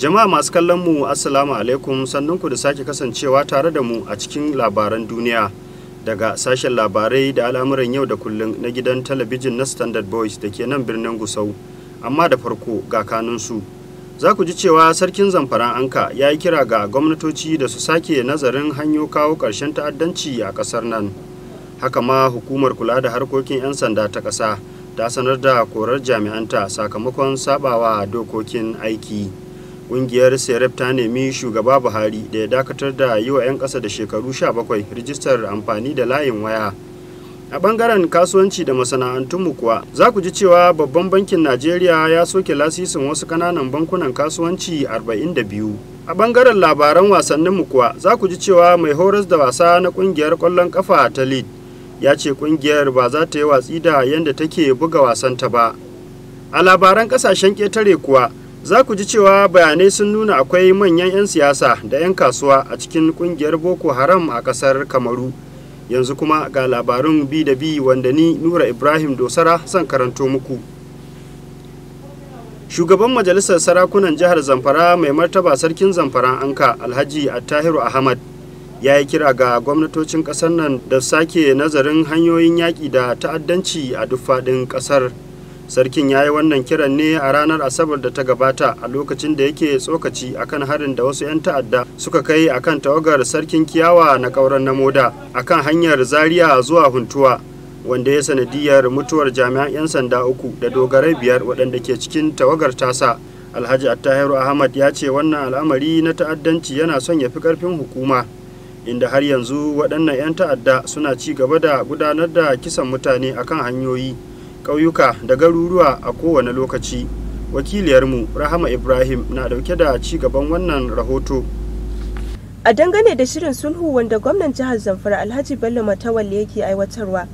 Jama'a masu kallon mu Assalamu alaikum sannunku da sake kasancewa tare da mu a cikin labaran duniya daga sashen labarai da al'amuran yau da kullum na gidan talabijin na Standard Boys da ke nan birnin Gusau. Amma da farko ga kanunsu. su. za ku ji cewa sarkin zamfaran anka ya yi kira ga gwamnatoci da su sake nazarin hanyo kawo ƙarshen ta'addanci a ƙasar nan haka ma hukumar kula da harkokin 'yan sanda ta ƙasa ta sanar da korar jami'anta sakamakon sabawa dokokin aiki ƙungiyar serep ta nemi shugaba buhari da ya dakatar da yi wa 'yan ƙasa da shekaru 17 rijistar amfani da layin waya a bangaren kasuwanci da masana'antunmu kuwa za ku ji cewa babban bankin najeriya ya soke lasisin wasu kananan bankunan kasuwanci 42 a bangaren labaran wasanninmu kuwa za ku ji cewa mai horas da wasa na ƙungiyar ƙwallon ƙafa ta lead ya ce ƙungiyar ba za ta yi watsi da yadda take buga wasan ta ba a labaran ƙasashen ƙetare kuwa za ku ji cewa bayanai sun nuna akwai manyan 'yan siyasa da 'yan kasuwa a cikin ƙungiyar boko haram a ƙasar kamaru yanzu kuma ga labarun bi da bi wanda ni nura ibrahim dosara zan karanto muku shugaban majalisar sarakunan jihar zamfara mai martaba sarkin zamfara anka alhaji attahiru ahmad ya yi kira ga gwamnatocin kasar nan da sake nazarin hanyoyin yaƙi da ta'addanci a duk faɗin ƙasar sarkin ya yi wannan kiran ne a ranar asabar da ta gabata a lokacin da yake tsokaci akan harin da wasu 'yan ta'adda suka kai akan tawagar sarkin kiyawa na kauran na moda akan hanyar zariya zuwa huntuwa wanda ya sanadiyar mutuwar jami'an 'yan sanda uku da dogarai biyar waɗanda ke cikin tawagar tasa alhaji attahiru ahmad ya ce wannan al'amari na ta'addanci yana son ya fi ƙarfin hukuma inda har yanzu waɗannan 'yan ta'adda suna ci gaba da gudanar da kisan mutane akan hanyoyi ƙauyuka da garuruwa a kowane lokaci wakiliyarmu rahama ibrahim na dauke da ci gaban wannan rahoto a dangane da shirin sulhu wanda gwamnan jihar zamfara alhaji bello matawalle yake aiwatarwa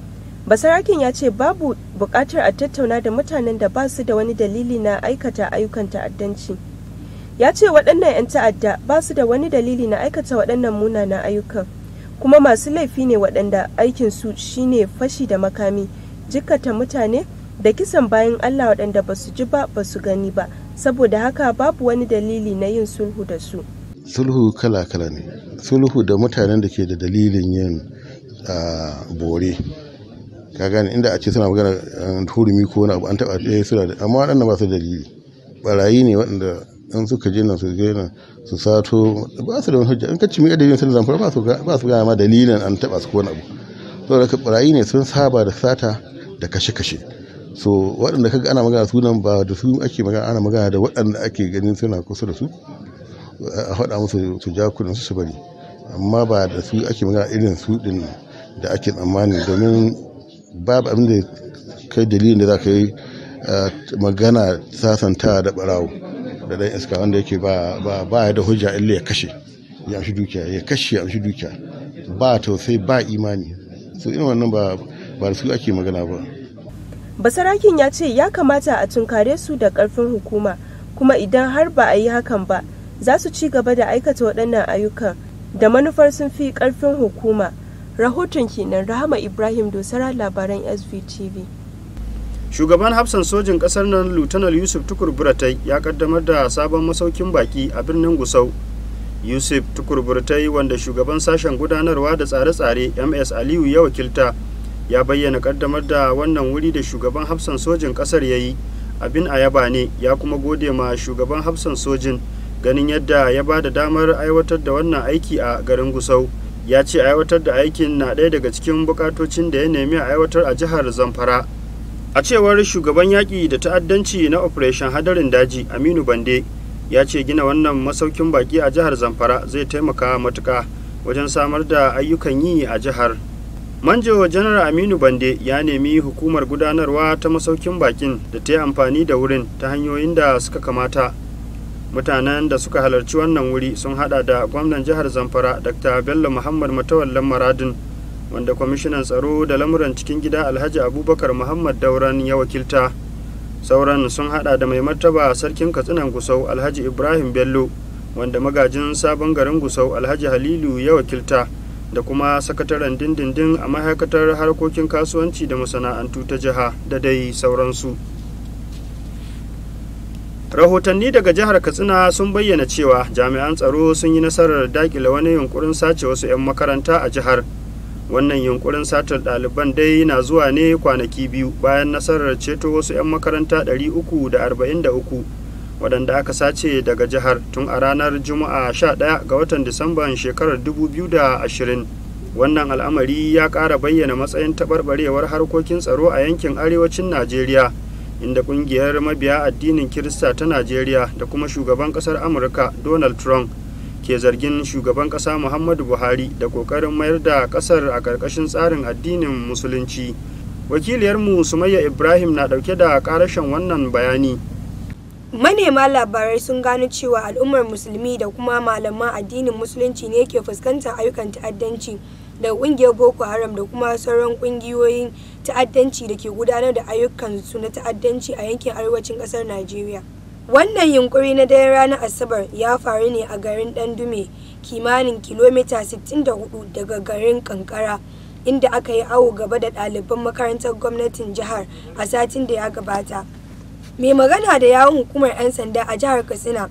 basarakin ya ce babu bukatar a tattauna da mutanen da ba su da wani dalili na aikata ayyukan ta'addanci ya ce waɗannan 'yan ta'adda ba su da wani dalili na aikata waɗannan munanan ayyukan kuma masu laifi ne waɗanda aikinsu shine fashi da makami jikkata mutane da kisan bayan Allah waɗanda ba su ji ba ba su gani ba saboda haka babu wani dalili na yin sulhu da su. Sulhu kala-kala ne. Sulhu da mutanen da ke da dalilin yin bore. Ka gane inda a ce suna magana hurumi ko wani abu an taɓa ɗaya eh, suna da amma waɗanda ba su dalili. Barayi ne waɗanda in suka je nan su je nan su sato ba su da wani hujja in ka ci mai adadin sun zamfara ba su gane ma dalilin an taɓa su ko wani abu. Saboda ka barayi ne sun saba da sata da kashe-kashe so waɗanda kaga ana magana sunan ba da su ake magana ana magana da waɗanda ake ganin suna kusa da su a faɗa musu su ja kudin su bari amma ba da su ake magana irin su din da ake tsammani domin babu abin da kai dalilin da za ka yi magana sasanta da barawo da ɗan iska wanda yake ba ya da hujja illa ya kashe ya amshi dukiya ya kashe ya amshi dukiya ba tausayi ba imani so irin wannan ba ba su ake magana ba basarakin ya ce ya kamata a tunkare su da karfin hukuma kuma idan har ba a yi hakan ba za su ci gaba da aikata waɗannan ayyukan da manufar sun fi karfin hukuma rahoton kenan rahama ibrahim dosara labaran svtv shugaban hafsan sojin ƙasar nan lutanar yusuf tukur buratai ya kaddamar da sabon masaukin baki a birnin gusau yusuf tukur buratai wanda shugaban sashen gudanarwa da tsare-tsare ms aliyu ya wakilta ya bayyana kaddamar da wannan wuri da shugaban hafsan sojin kasar ya yi abin a yaba ne ya kuma gode ma shugaban hafsan sojin ganin yadda ya ba da damar aiwatar da wannan aiki a garin gusau ya ce aiwatar da aikin na ɗaya daga cikin bukatocin da ya nemi a aiwatar a jihar zamfara a cewar shugaban yaƙi da ta'addanci na operation hadarin daji aminu bande ya ce gina wannan masaukin baki a jihar zamfara zai taimaka matuka wajen samar da ayyukan yi a jihar manjewa janar aminu bande ya nemi hukumar gudanarwa ta masaukin bakin da ta yi amfani da wurin ta hanyoyin da suka kamata mutanen da suka halarci wannan wuri sun hada da gwamnan jihar zamfara dr bello muhammad matawallan maradin wanda kwamishinan tsaro da lamuran cikin gida alhaji abubakar muhammad dauran ya wakilta sauran sun hada da mai martaba sarkin katsinan gusau alhaji ibrahim bello wanda magajin sabon garin gusau alhaji halilu ya wakilta da kuma sakataren dindindin a mahaikatar harkokin kasuwanci da masana'antu ta jiha da dai sauransu rahotanni daga jihar katsina sun bayyana cewa jami'an tsaro sun yi nasarar dakile wani yunkurin sace wasu 'yan makaranta a jihar wannan yunkurin satar ɗaliban dai na zuwa ne kwanaki biyu bayan nasarar ceto wasu 'yan makaranta 343 waɗanda aka sace daga jihar tun a ranar juma'a 11 ga watan disamban shekarar 2020 wannan al'amari ya kara bayyana matsayin taɓarɓarewar harkokin tsaro a yankin arewacin najeriya inda ƙungiyar mabiya addinin kirista ta najeriya da kuma shugaban ƙasar amurka donald trump ke zargin shugaban ƙasa muhammadu buhari da ƙoƙarin mayar da ƙasar a ƙarƙashin tsarin addinin musulunci wakiliyarmu sumayya ibrahim na ɗauke da ƙarashen wannan bayani manema labarai sun gano cewa al'ummar musulmi da kuma malaman addinin musulunci ne ke fuskantar ayyukan ta'addanci da kungiyar boko haram da kuma sauran kungiyoyin ta'addanci da ke gudanar da ayyukansu na ta'addanci a yankin arewacin kasar najeriya wannan yunkuri na daya ranar asabar ya faru ne a garin dandume kimanin kilomita 64 daga garin kankara inda aka yi awo gaba da ɗaliban makarantar gwamnatin jihar a satin da ya gabata mai magana da yawun hukumar 'yan sanda a jihar katsina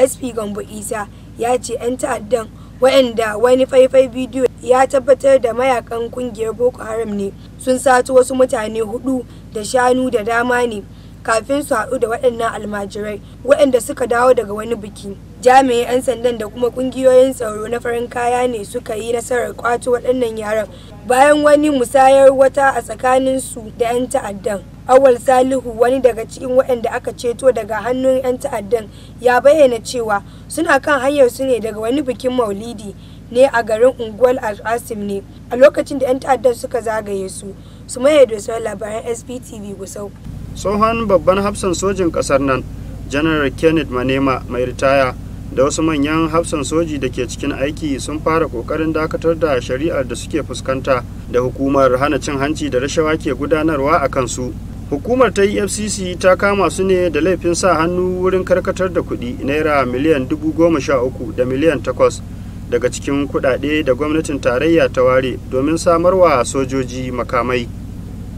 sp gambo isa ya ce 'yan ta'addan waanda wani faifai bidiyo ya tabbatar da mayakan kungiyar boko haram ne sun sato wasu mutane hudu da shanu da dama ne kafin su haɗu da waɗannan almajirai waɗanda suka dawo daga wani biki Jami'an 'yan sandan da kuma ƙungiyoyin tsaro na farin kaya ne suka yi nasarar kwato waɗannan yaran bayan wani musayar wata a tsakanin su da 'yan ta'addan awal salihu wani daga cikin waɗanda aka ceto daga hannun 'yan ta'addan ya bayyana cewa suna kan hanyar su ne daga wani bikin maulidi ne a garin unguwar al'asim ne a lokacin da 'yan ta'addan suka zagaye su su maye da sauran labaran sbtv gusau tsohon babban hafsan sojin kasar nan janar kenneth manema mai ritaya da wasu manyan hafsan soji da ke cikin aiki sun fara kokarin dakatar da shari'ar da suke fuskanta da hukumar hana cin hanci da rashawa ke gudanarwa a kansu hukumar ta efcc ta kama su ne da laifin sa hannu wurin karkatar da kuɗi naira miliyan dubu goma sha uku da miliyan takwas daga cikin kuɗaɗe da gwamnatin tarayya ta ware domin samarwa sojoji makamai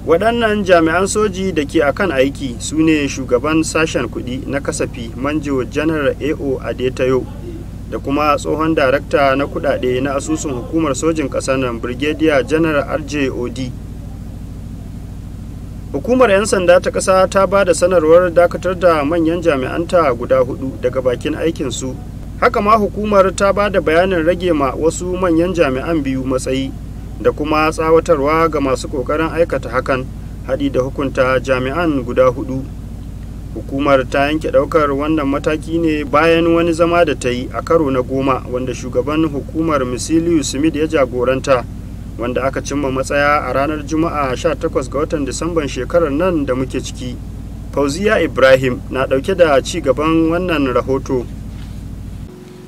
waɗannan jami'an soji da ke akan aiki su ne shugaban sashen kuɗi na kasafi manjo janar ao adetayo da kuma tsohon darakta na kuɗaɗe na asusun hukumar sojin ƙasar nan brigadier janar rjod hukumar 'yan sanda ta ƙasa ta ba da sanarwar dakatar da manyan jami'anta guda hudu daga bakin aikinsu haka ma hukumar ta ba da bayanin rage ma wasu manyan jami'an biyu matsayi da kuma tsawatarwa ga masu ƙoƙarin aikata hakan haɗi da hukunta jami'an guda hudu hukumar ta yanke ɗaukar wannan mataki ne bayan wani zama da ta yi a karo na goma wanda shugaban hukumar misiliu smith ya jagoranta wanda aka cimma matsaya a ranar juma'a 18 ga watan disamban shekarar nan da muke ciki fauziya ibrahim na dauke da ci gaban wannan rahoto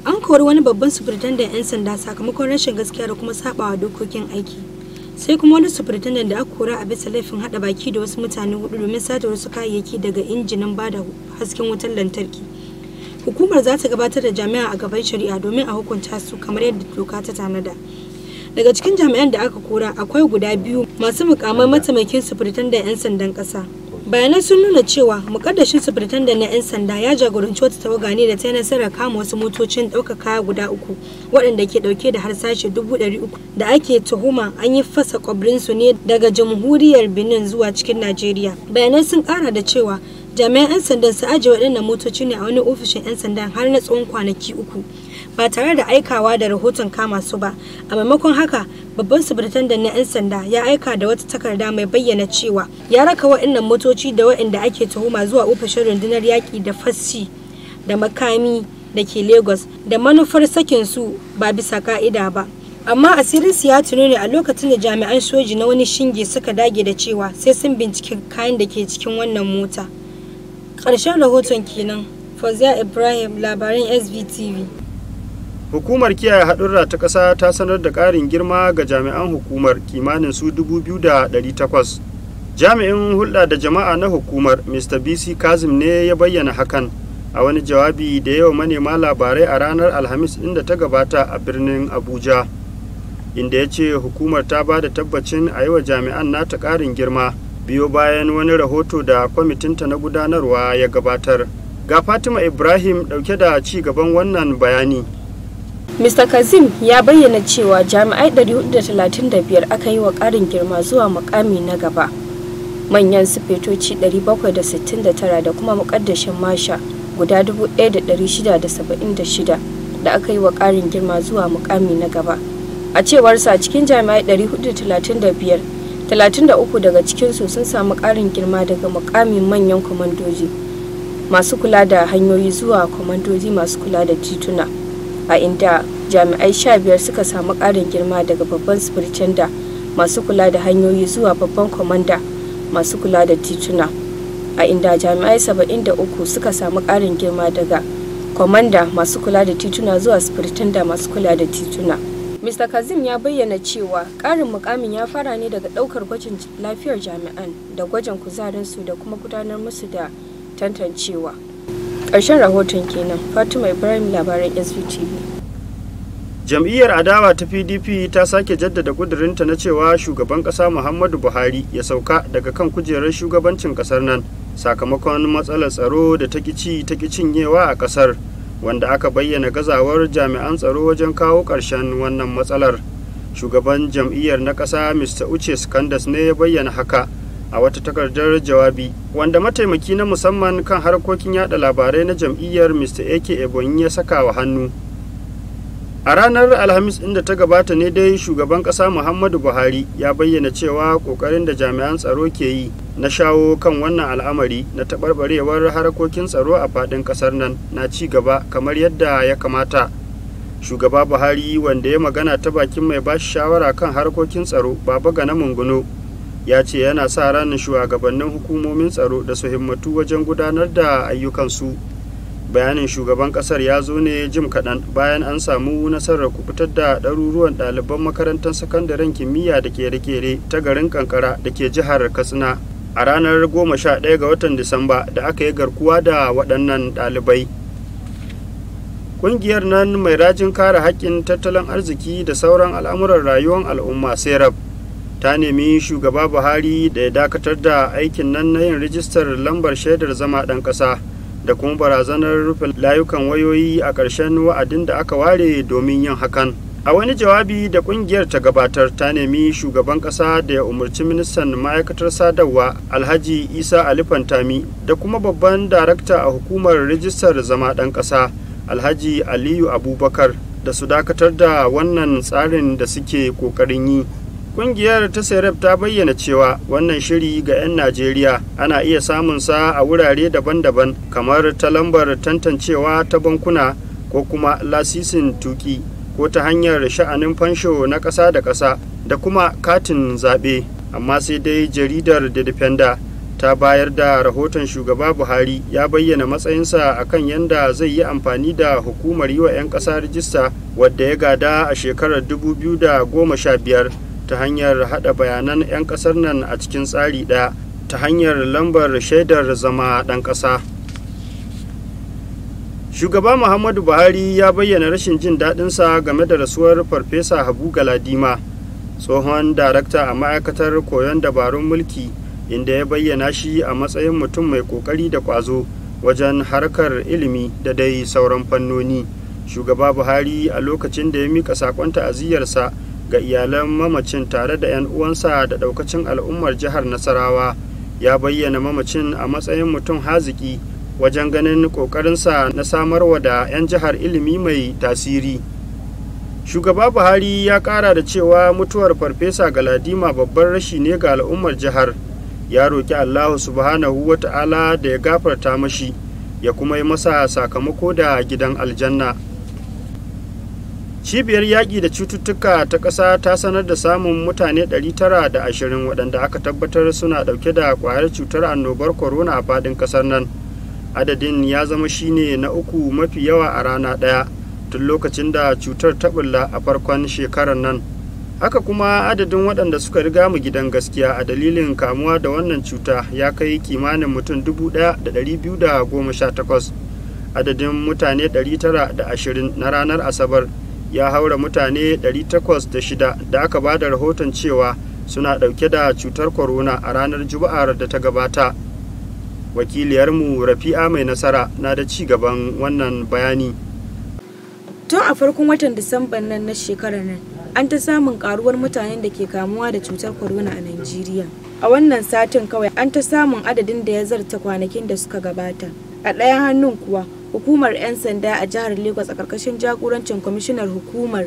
an kori wani babban sufurtandan 'yan sanda sakamakon rashin gaskiya da kuma sabawa dokokin aiki sai kuma wani sufurtandan da aka kora a bisa laifin hada baki da wasu mutane hudu domin sata wasu kayayyaki daga injinan bada hasken wutar lantarki hukumar za ta gabatar da jami'a a gaban shari'a domin a hukunta su kamar yadda doka ta tanada. daga cikin jami'an da aka kora akwai guda biyu masu mukamai mataimakin sufuritan 'yan sandan ƙasa bayanai sun nuna cewa mukaddashin sufuritan na 'yan sanda ya jagoranci wata tawaga ne da ta nasarar kama wasu motocin ɗaukar kaya guda uku waɗanda ke dauke da harsashe dubu ɗari uku da ake tuhuma an yi fasa su ne daga jamhuriyar benin zuwa cikin najeriya bayanai sun kara da cewa jami'an 'yan sandan su ajiye waɗannan motoci ne a wani ofishin 'yan sandan har na tsawon kwanaki uku ba tare da aikawa da rahoton kama su ba a maimakon haka babban subritan da na 'yan sanda ya aika da wata takarda mai bayyana cewa ya raka waɗannan motoci da waɗanda ake tuhuma zuwa ofishin rundunar yaƙi da fasci da makami da ke lagos da manufar sakin su ba bisa ka'ida ba amma asirin ya tuno ne a lokacin da jami'an soji na wani shinge suka dage da cewa sai sun bincike kayan da ke cikin wannan mota ƙarshen rahoton kenan Fazia ibrahim labaran svtv hukumar kiyaye haɗurra ta ƙasa ta sanar da ƙarin girma ga jami'an hukumar kimanin su 2,800 jami'in hulɗa da jama'a na hukumar mr bc kazim ne ya bayyana hakan a wani jawabi da yawa manema labarai a ranar alhamis inda ta gabata a birnin abuja inda ya ce hukumar ta ba da tabbacin a yi wa jami'an nata ƙarin girma biyo bayan wani rahoto da kwamitinta na gudanarwa ya gabatar ga fatima ibrahim ɗauke da ci gaban wannan bayani Mr. Kazim ya bayyana cewa jami'ai 435 aka yi wa ƙarin girma zuwa mukami na gaba. Manyan sifetoci 769 da kuma muƙaddashin masha guda 1,676 da aka yi wa ƙarin girma zuwa mukami na gaba. A cewarsa cikin jami'ai 435, 33 daga cikinsu sun samu ƙarin girma daga mukamin manyan kwamandoji masu kula da hanyoyi zuwa kwamandoji masu kula da tituna. a inda jami'ai sha biyar suka samu ƙarin girma daga babban sufurtanda masu kula da hanyoyi zuwa babban komanda masu kula da tituna a inda jami'ai saba'in da uku suka samu karin girma daga kwamanda masu kula da tituna zuwa sufurtanda masu kula da tituna mr kazim ya bayyana cewa ƙarin mukamin ya fara ne daga ɗaukar gwajin lafiyar jami'an da gwajin kuzarin su da kuma gudanar musu da tantancewa ƙarshen rahoton kenan fatima ibrahim labaran svtv jam'iyyar adawa ta pdp ta sake jaddada ƙudurinta na cewa shugaban ƙasa muhammadu buhari ya sauka daga kan kujerar shugabancin ƙasar nan sakamakon matsalar tsaro da ta kici ta cinyewa a ƙasar wanda aka bayyana gazawar jami'an tsaro wajen kawo ƙarshen wannan matsalar shugaban jam'iyyar na ƙasa mr uche skandas ne ya bayyana haka a wata takardar jawabi wanda mataimaki na musamman kan harkokin yada labarai na jam'iyyar mr ak ebonyi ya saka wa hannu a ranar alhamis inda ta gabata ne dai shugaban ƙasa muhammadu buhari ya bayyana cewa kokarin da jami'an tsaro ke yi na shawo kan wannan al'amari na taɓarɓarewar harkokin tsaro a faɗin ƙasar nan na ci gaba kamar yadda ya kamata shugaba buhari wanda ya magana ta bakin mai bashi shawara kan harkokin tsaro baba ga na munguno ya ce yana sa ranar shugabannin hukumomin tsaro da su himmatu wajen gudanar da ayyukansu bayanin shugaban kasar ya zo ne jim kaɗan bayan an samu nasarar kubutar da ɗaruruwan ɗaliban makarantar sakandaren kimiyya da ke rikere ta garin kankara da ke jihar katsina a ranar 11 ga watan disamba da aka yi garkuwa da waɗannan ɗalibai ƙungiyar nan mai rajin kare haƙƙin tattalin arziki da sauran al'amuran rayuwar al'umma serap ta nemi shugaba buhari da ya dakatar da aikin nan na yin rijistar lambar shaidar zama ɗan ƙasa da kuma barazanar rufe layukan wayoyi a ƙarshen wa'adin da aka ware domin yin hakan a wani jawabi da kungiyar ta gabatar ta nemi shugaban ƙasa da ya umarci ministan ma'aikatar sadarwa alhaji isa ali fantami da kuma babban darakta a hukumar rijistar zama ɗan ƙasa alhaji aliyu abubakar da su dakatar da wannan tsarin da suke ƙoƙarin yi Ƙungiyar ta Serep ta bayyana cewa wannan shiri ga 'yan Najeriya ana iya samun sa a wurare daban-daban kamar ta lambar tantancewa ta bankuna ko kuma lasisin tuki ko ta hanyar sha'anin fansho na ƙasa da ƙasa da kuma katin zaɓe amma sai dai jaridar da defender ta bayar da rahoton shugaba buhari ya bayyana matsayinsa kan yadda zai yi amfani da hukumar yi wa 'yan ƙasa rijista wadda ya gada a shekarar 2015 ta hanyar hada bayanan 'yan kasar nan a cikin tsari ɗaya ta hanyar lambar shaidar zama ɗan ƙasa. Shugaba Muhammadu Buhari ya bayyana rashin jin daɗinsa game da rasuwar Farfesa Habu Galadima, tsohon darakta a ma'aikatar koyon dabarun mulki, inda ya bayyana shi a matsayin mutum mai ƙoƙari da ƙwazo wajen harkar ilimi da dai sauran fannoni. Shugaba Buhari a lokacin da ya mika saƙon ta'aziyyarsa ga iyalan mamacin tare da 'yan uwansa da daukacin al'ummar jihar nasarawa ya bayyana mamacin a matsayin mutum haziki wajen ganin kokarinsa na samarwa da 'yan jihar ilimi mai tasiri shugaba buhari ya kara da cewa mutuwar farfesa galadima babban rashi ne ga al'ummar jihar ya roki allahu subhanahu wata'ala da ya gafarta mashi ya kuma yi masa sakamako da gidan aljanna cibiyar yaƙi da cututtuka ta ƙasa ta sanar da samun mutane 920 waɗanda aka tabbatar suna ɗauke da ƙwayar cutar annobar corona a faɗin ƙasar nan adadin ya zama shine na uku mafi yawa a rana ɗaya tun lokacin da cutar ta ɓulla a farkon shekarar nan haka kuma adadin waɗanda suka riga mu gidan gaskiya a dalilin kamuwa da wannan cuta ya kai kimanin mutum dubu da biyu goma sha 1,218 adadin mutane ɗari tara da ashirin na ranar asabar ya haura mutane 806 da aka ba da rahoton cewa suna ɗauke da cutar corona a ranar juma'ar da ta gabata wakiliyarmu rafi'a mai nasara na da ci gaban wannan bayani tun a farkon watan disamban nan na shekarar nan an ta samun karuwar mutanen da ke kamuwa da cutar corona a najeriya a wannan satin kawai an ta samun adadin da ya zarta kwanakin da suka gabata a ɗayan hannun kuwa hukumar 'yan sanda a jihar lagos a karkashin jagorancin kwamishinar hukumar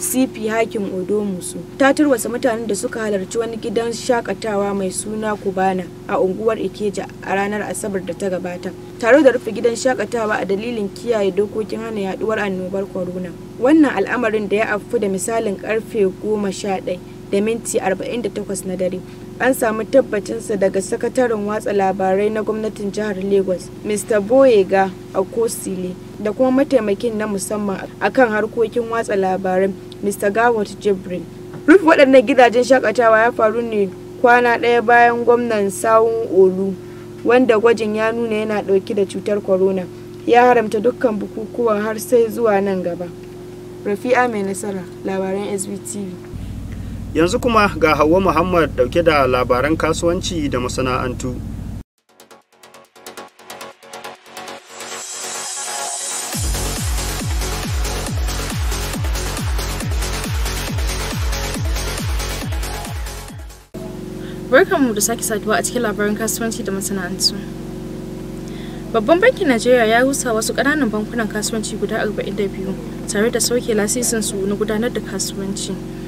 cp hakim musu ta tarwasa mutanen da suka halarci wani gidan shakatawa mai suna kubana a unguwar ikeja a ranar asabar da ta gabata tare da rufe gidan shakatawa a dalilin kiyaye dokokin hana yaduwar annobar corona wannan al'amarin da ya afu da misalin karfe goma sha da minti 48 na dare an samu tabbacinsa daga sakataren watsa labarai na gwamnatin jihar lagos mr boyega a Kosile da kuma mataimakin na musamman a kan harkokin watsa labarai mr gawat jibril rufe waɗannan gidajen shakatawa ya faru ne kwana ɗaya bayan gwamnan sawun olu wanda gwajin ya nuna yana ɗauki da cutar corona ya haramta dukkan bukukuwan har sai zuwa nan gaba rafi'a mai nasara labaran sbtv yanzu kuma ga Hauwa Muhammad dauke da labaran kasuwanci da masana'antu. Barkanmu da sake saduwa a cikin labaran kasuwanci da masana'antu. Babban bankin Najeriya ya rusa wasu ƙananan bankunan kasuwanci guda 42 tare da sauke lasisinsu na gudanar da kasuwanci.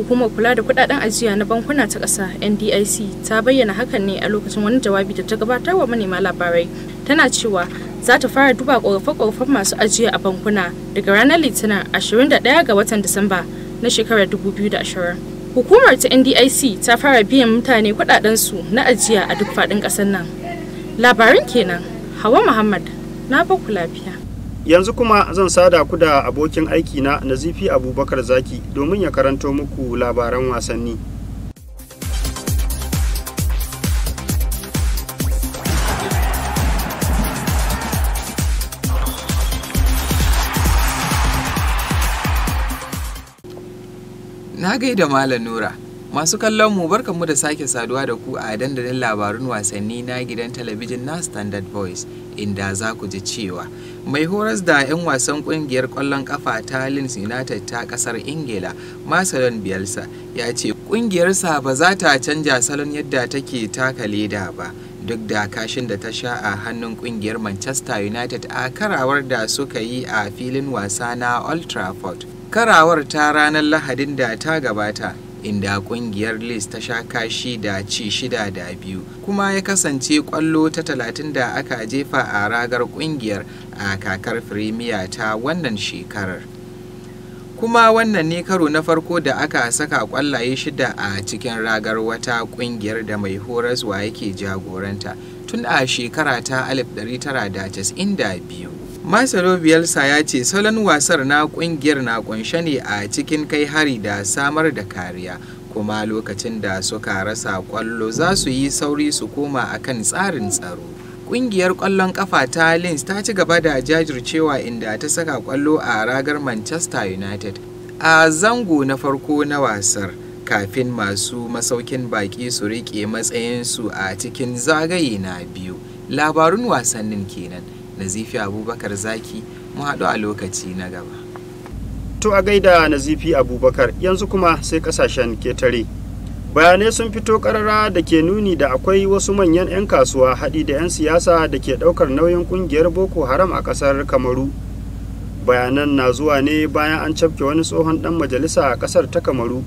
Hukumar kula da kudaden ajiya na bankuna ta ƙasa NDIC ta bayyana hakan ne a lokacin wani jawabi da ta gabatar wa manema labarai. Tana cewa za ta fara duba ƙorafe-ƙorafen masu ajiya a bankuna daga ranar Litinin 21 ga watan Disamba na shekarar 2020. Hukumar ta NDIC ta fara biyan mutane kudadensu na ajiya a duk faɗin ƙasar nan. Labarin kenan, Hawa Muhammad, na baku lafiya. yanzu kuma zan sada ku da abokin aiki na nazifi abubakar zaki domin ya karanto muku labaran wasanni na gaida malam nura Masu kallon mu barkanmu da sake saduwa da ku a dandalin labarun wasanni na gidan talabijin na Standard Voice inda za ku ji cewa mai horas da 'yan wasan kungiyar kwallon kafa ta Leeds United ta kasar Ingila Marcelon Bielsa ya ce kungiyarsa ba za ta canja salon yadda take taka leda ba. duk da kashin da ta sha a hannun kungiyar manchester united a karawar da suka yi a filin wasa na old trafford karawar ta ranar lahadin da ta gabata inda kungiyar list ta sha kashi da ci shida da biyu kuma ya kasance kwallo ta talatin da aka jefa a ragar kungiyar a kakar firimiya ta wannan shekarar. kuma wannan ne karo na farko da aka saka kwallaye shida a cikin ragar wata kungiyar da mai horaswa yake jagoranta tun a shekara ta 1992 Marcelo Bielsa ya ce salon wasar na kungiyar na kunshe ne a cikin kai hari da samar da kariya kuma lokacin da suka rasa kwallo za su yi sauri su koma a kan tsarin tsaro. Kungiyar kwallon kafa ta lins ta ci gaba da jajircewa inda ta saka kwallo a ragar Manchester United a zango na farko na wasar kafin masu masaukin baki su riƙe matsayinsu a cikin zagaye na biyu. Labarun wasannin kenan. nazifi abubakar zaki mu haɗu a lokaci na gaba to a gaida nazifi abubakar yanzu kuma sai kasashen ketare bayanai sun fito karara da ke nuni da akwai wasu manyan 'yan kasuwa haɗi da 'yan siyasa da ke ɗaukar nauyin ƙungiyar boko haram a ƙasar kamaru bayanan na zuwa ne bayan an cafke wani tsohon ɗan majalisa a ƙasar ta kamaru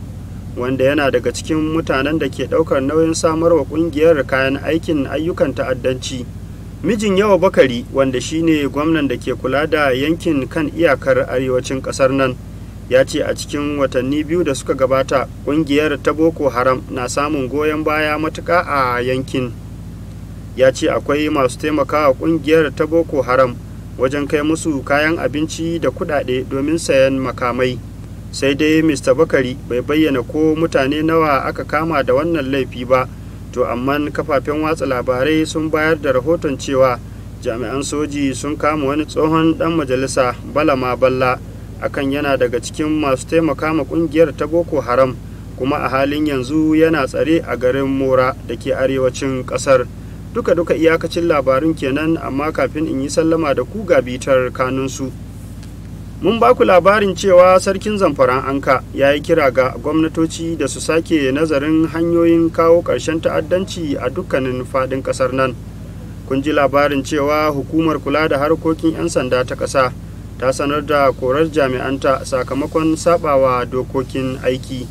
wanda yana daga cikin mutanen da ke ɗaukar nauyin samarwa ƙungiyar kayan aikin ayyukan ta'addanci. mijin yawa bakari wanda shine gwamnan da ke kula da yankin kan iyakar arewacin kasar nan ya ce a cikin watanni biyu da suka gabata kungiyar ta boko haram na samun goyon baya matuka a yankin ya ce akwai masu taimakawa kungiyar ta boko haram wajen kai musu kayan abinci da kudade domin sayan makamai sai dai mr bakari bai bayyana ko mutane nawa aka kama da wannan laifi ba to amma kafafen watsa labarai sun bayar da rahoton cewa jami'an soji sun kama wani tsohon dan majalisa balama balla akan yana daga cikin masu taimaka ma kungiyar ta boko haram kuma a halin yanzu yana tsare a garin mora da ke arewacin kasar duka-duka iyakacin labarin kenan amma kafin in yi sallama da ku ga bitar kanunsu. mun ba ku labarin cewa sarkin zamfaran anka ya yi kira ga gwamnatoci da su sake nazarin hanyoyin kawo ƙarshen ta'addanci a dukkanin fadin ƙasar nan kun ji labarin cewa hukumar kula da harkokin 'yan sanda ta ƙasa ta sanar da korar jami'anta sakamakon sabawa dokokin aiki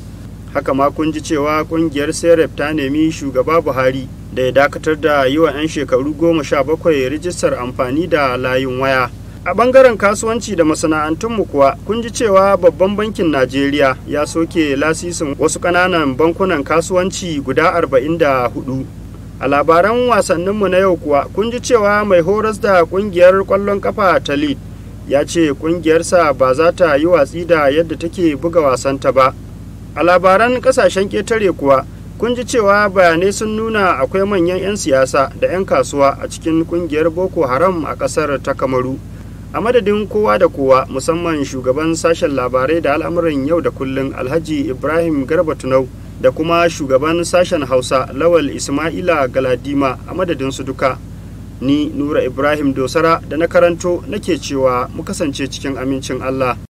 haka ma kun ji cewa kungiyar serep ta nemi shugaba buhari da ya dakatar da yi wa 'yan shekaru goma sha bakwai rijistar amfani da layin waya a bangaren kasuwanci da masana'antunmu kuwa kun ji cewa babban bankin najeriya ya soke lasisin wasu ƙananan bankunan kasuwanci guda 44 a labaran wasanninmu na yau kuwa kun ji cewa mai horas da kungiyar ƙwallon kafa ta lead ya ce kungiyarsa ba za ta yi watsi da yadda take buga wasanta ba a labaran kasashen ƙetare kuwa kun ji cewa bayanai sun nuna akwai manyan 'yan siyasa da 'yan kasuwa a cikin kungiyar boko haram a ƙasar ta kamaru a madadin kowa da kowa musamman shugaban sashen labarai da al'amuran yau da kullun alhaji ibrahim garba tunau da kuma shugaban sashen hausa lawal ismaila galadima a madadin su duka ni nura ibrahim dosara da na karanto nake cewa mu kasance cikin amincin allah